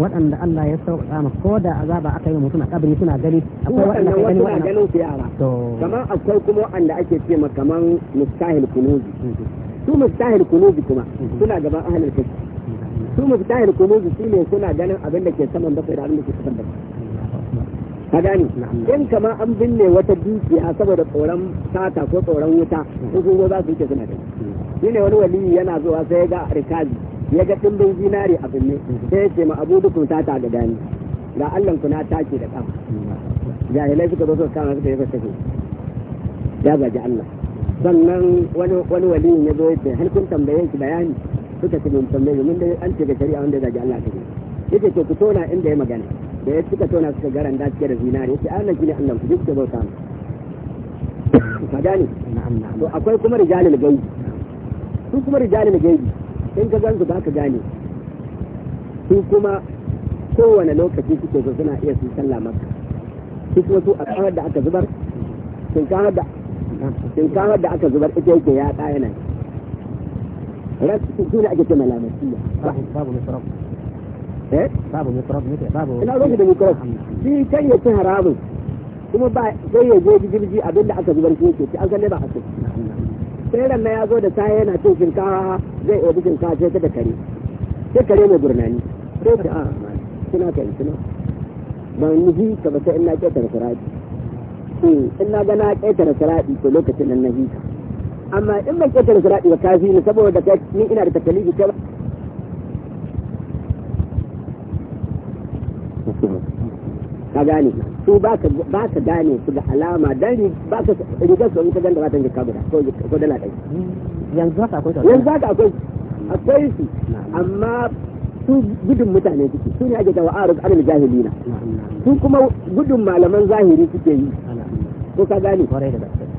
waɗanda Allah ya sauƙa ma ko da azaba aka yi mutum a kabari suna gani akwai waɗanda ka gani waɗanda ganin su yara to kamar akwai kuma wanda ake ce ma kaman mustahil kunuzi mhm. su mustahil kunuzi kuma mhm. suna gaban ahlul kasb su mustahil kunuzi su ne suna ganin abin da ke saman bakwai da abin da ke saman bakwai ka gane in kama an binne wata dukiya saboda tsoron sata ko tsoron wuta mm. in kuma za su yi suna da mm. shi ne wani wali yana zuwa sai ya ga rikazi ya ga dimbin zinari a binne mm. sai ya ce ma abu dukun sata da gani ga allan kuna take da ya jahilai suka zo su kama suka yi suka kashe ya gaji allah sannan wani wani ya zo ya ce har tambaye shi bayani suka ce mun tambaye mun da an ce ga shari'a wanda ya gaji allah ta yake to ku tona inda ya magana da ya suka tona suka garan da cike da zinari yace Allah shine Allah ku duk bauta mu ka gane to akwai kuma rijalul gaibi su kuma rijalul gaibi in ka gansu ba ka gane su kuma kowane lokaci suke so suna iya su sallah maka su kuma su a kawar da aka zubar sun kawar da sun kawar da aka zubar ita yake ya tsaya nan rasu su ne ake ce malamatiya babu misrafu eh babu mikrofon ne babu ina ruwan da mikrofon shi kan ya ci haramun kuma ba sai ya je jirgi abin da aka zubar kuma ce an kalle ba a ce sai ran ya zo da kaya yana cin shinkawa zai obi shinkawa sai ta da kare sai kare mai gurnani sai ta a kina ka yi kina ban nihi ka ba sai ina ƙetare saraɗi in na gana ƙetare saraɗi to lokacin nan na hika amma in ban ƙetare saraɗi ba kafi ni saboda ni ina da takalifi ta ka gane su ba ka gane su da alama dan ba ka rigar su in ka ganda za ta yi ka guda ko dala ɗai yanzu haka akwai yanzu haka akwai akwai su amma su gudun mutane suke su ne ake da wa'arus anil jahilina su kuma gudun malaman zahiri suke yi ko ka gane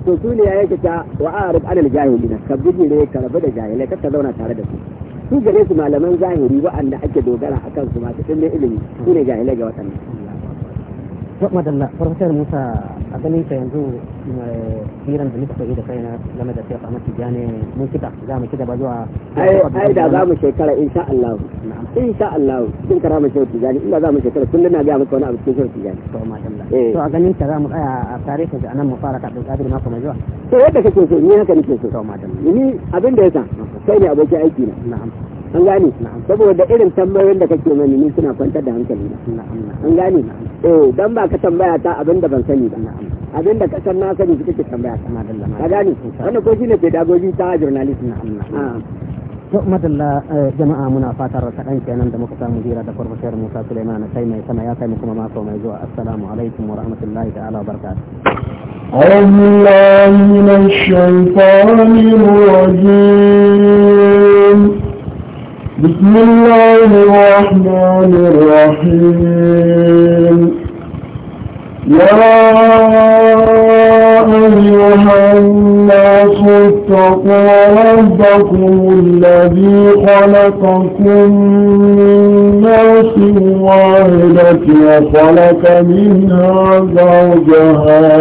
to su ne yake ta wa'arus anil jahilina ka gudun ne ka rabu da jahilai ka zauna tare da su su gare su malaman zahiri wa'anda ake dogara akan su masu ɗin ilimi su ne jahilai ga waɗannan madalla farfasar musa a ganin ka yanzu hiran da muka yi da na game da shekha mafi jane mun kita za mu kita ba zuwa ai da za mu shekara insha Allah insha Allah sun kara mu shekara tijani inda za mu shekara kullum na ga maka wani abu cikin shekara tijani to madalla eh. to a ganin ka za mu tsaya a tare ka anan mu fara kaɗin kadir mako mai zuwa to yadda kake so ni haka nake so to madalla ni abin da ya sa kai ne abokin aiki na na'am an gane saboda irin tambayoyin da kake mani ni suna kwantar da hankali na an gane eh dan ba ka tambaya ta abin da ban sani ba abin da ka san na sani su kake tambaya ta madalla ka gane wannan ko shine pedagogy ta journalist na ah. to madalla eh, jama'a muna fatar kaɗan kenan da muka samu jira da professor musa suleiman kai mai sama ya kai mu kuma mako mai zuwa assalamu alaikum wa rahmatullahi ta'ala wa barakatuh أعوذ بالله من الشيطان الرجيم بسم الله الرحمن الرحيم يا أيها الناس اتقوا ربكم الذي خلقكم من نفس واحدة وخلق منها زوجها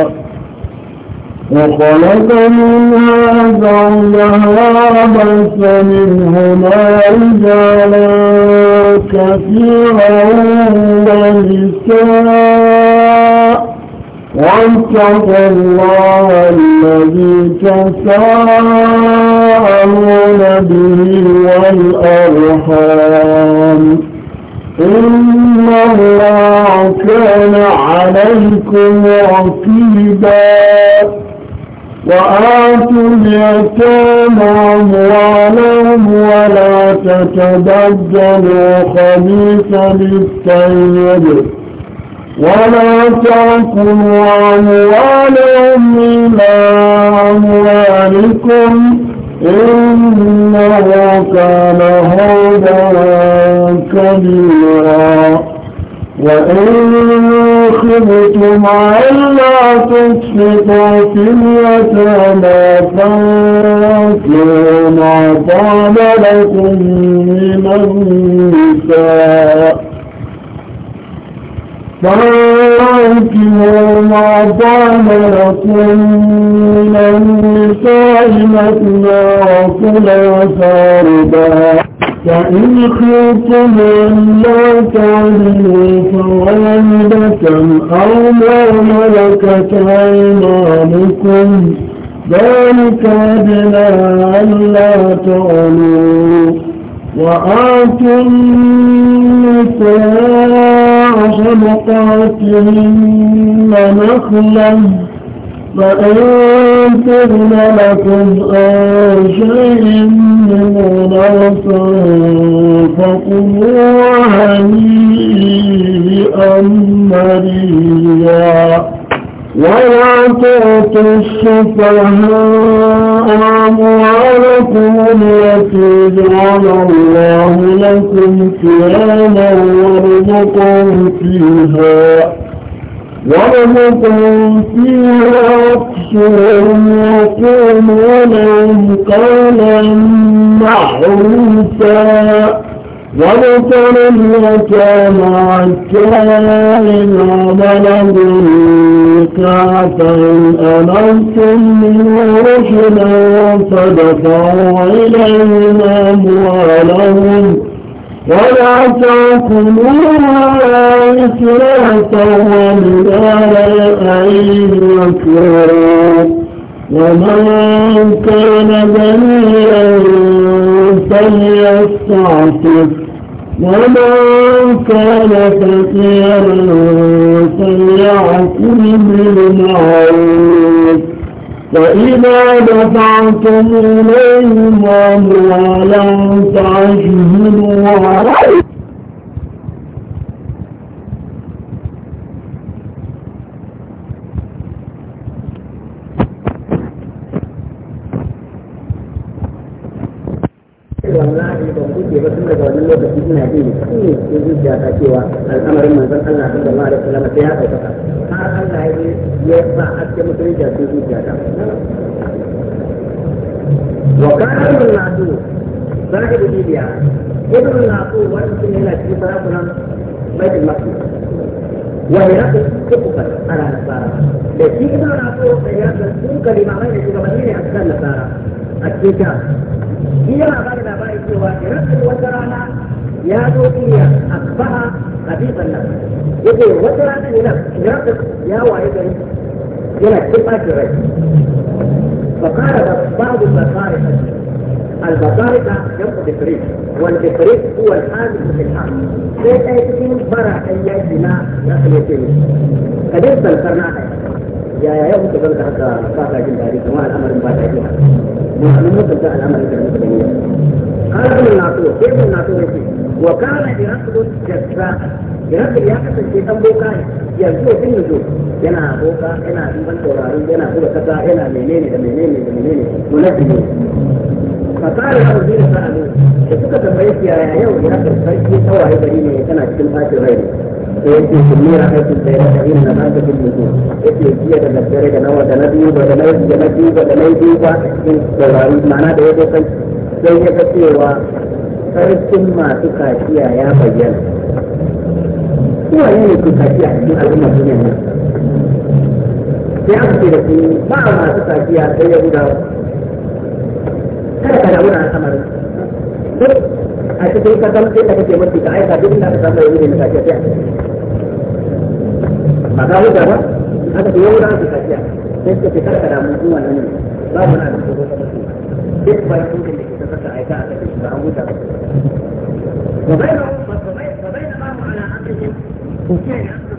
وخلق منها زوجها وبث منهما رجالا كثيرا ونساء واتقوا الله الذي تساءلون به والأرحام إن الله كان عليكم رقيبا وآتوا اليتامى أموالهم ولا تتبدلوا خبيث للطيب ولا تأكلوا أموالهم إلى أموالكم إنه كان هدى كبيرا وإن ذهبتم ألا تسقطوا في اليتامى فانكروا ما طاب لكم من النساء فانكروا ما طاب لكم من النساء مثنى وثلاث رباع فإن أن لا تعلموا فوالدة أو ما ملكت أيمانكم ذلك أدنى لا تعلوا وآتوا النساء صدقاتهن نخلا فإن تبن لكم أن شيء منغصا فقلوا هنيئا مريا ولا تعطوا السفهاء أموالكم التي جعل الله لكم قياما وارزقوا فيها ولهم فيها أكثرهم يقوم لهم قولا معروفا وذكر اليتامى والسائل وبلغ كافا أنرتم منه رشدا فدفعوا إليهم أموالهم ولا تأكلوها إسرافا وبدار أن يكفروا ومن كان بنيا فليستعفف ومن كان فقيرا فليعقل بالمعروف فإذا دفعتم إليهم أموالا فاشهدوا عليهم النبي في جزء جاء سوى الامر من صلى الله عليه وسلم فيها او فقط ما الله يرفع حتى مخرجه في جزء جاء وكان ابن العدو صاحب ليبيا ابن العدو ورسل الى كيف اصلا بيت المقدس وهي رسل سقطا على النصارى لكن ابن العدو فهي رسل سوق لمعنى في غمرين اكثر النصارى التجار هي ما بين بيت وهي رسل وترانا يا دوكية أصبح خفيفا له يقول وترى أن ينافق يا وعيدا يلا كيف أجري فقال بعض البطارقة البطارقة جمع بفريق والبفريق هو الحامل في الحق ليس يتم برع أن يأتي ما يخلقني فليس الفرناء يا يا يوم تقول هذا فاقع جدا هذه كما الأمر مبادع فيها معلومة الأمر المسلمين قال ابن الناصور كيف الناصور يقول وكان هرقل جزاء هرقل يا kasance dan boka ne yanzu da sun yanzu yana boka yana duban taurarin yana buga kasa yana menene da menene da menene munafiki ne fasara da wazir sa'adu da suka tambaye shi yaya yau ya ga sarki tawaye gari ne tana cikin bacin rai sai yake kulli ra aikin sai da kai na ba ta kulli ko yake jiya da daddare da nawa da na biyu da na da na biyu da na biyu ba cikin taurarin ma'ana da ya bokan sai ya ga cewa sarkin masu kaciya ya bayyana. Kuwa ne ne su kaciya cikin al'umma su ne nan. Sai aka ce da su ba masu kaciya sai ya guda. Kada ka da wuna samari. Duk a cikin kasan sai ka kake mafi ka aika duk inda ka samu yau ne na kaciya sai Ba ka wuta ba? Aka ce yau da aka kaciya. Sai ka ce kada ka da mutum Ba wani abin da ya zo ka mutum. Duk kasa aika a kashe an ba bai ba bai ba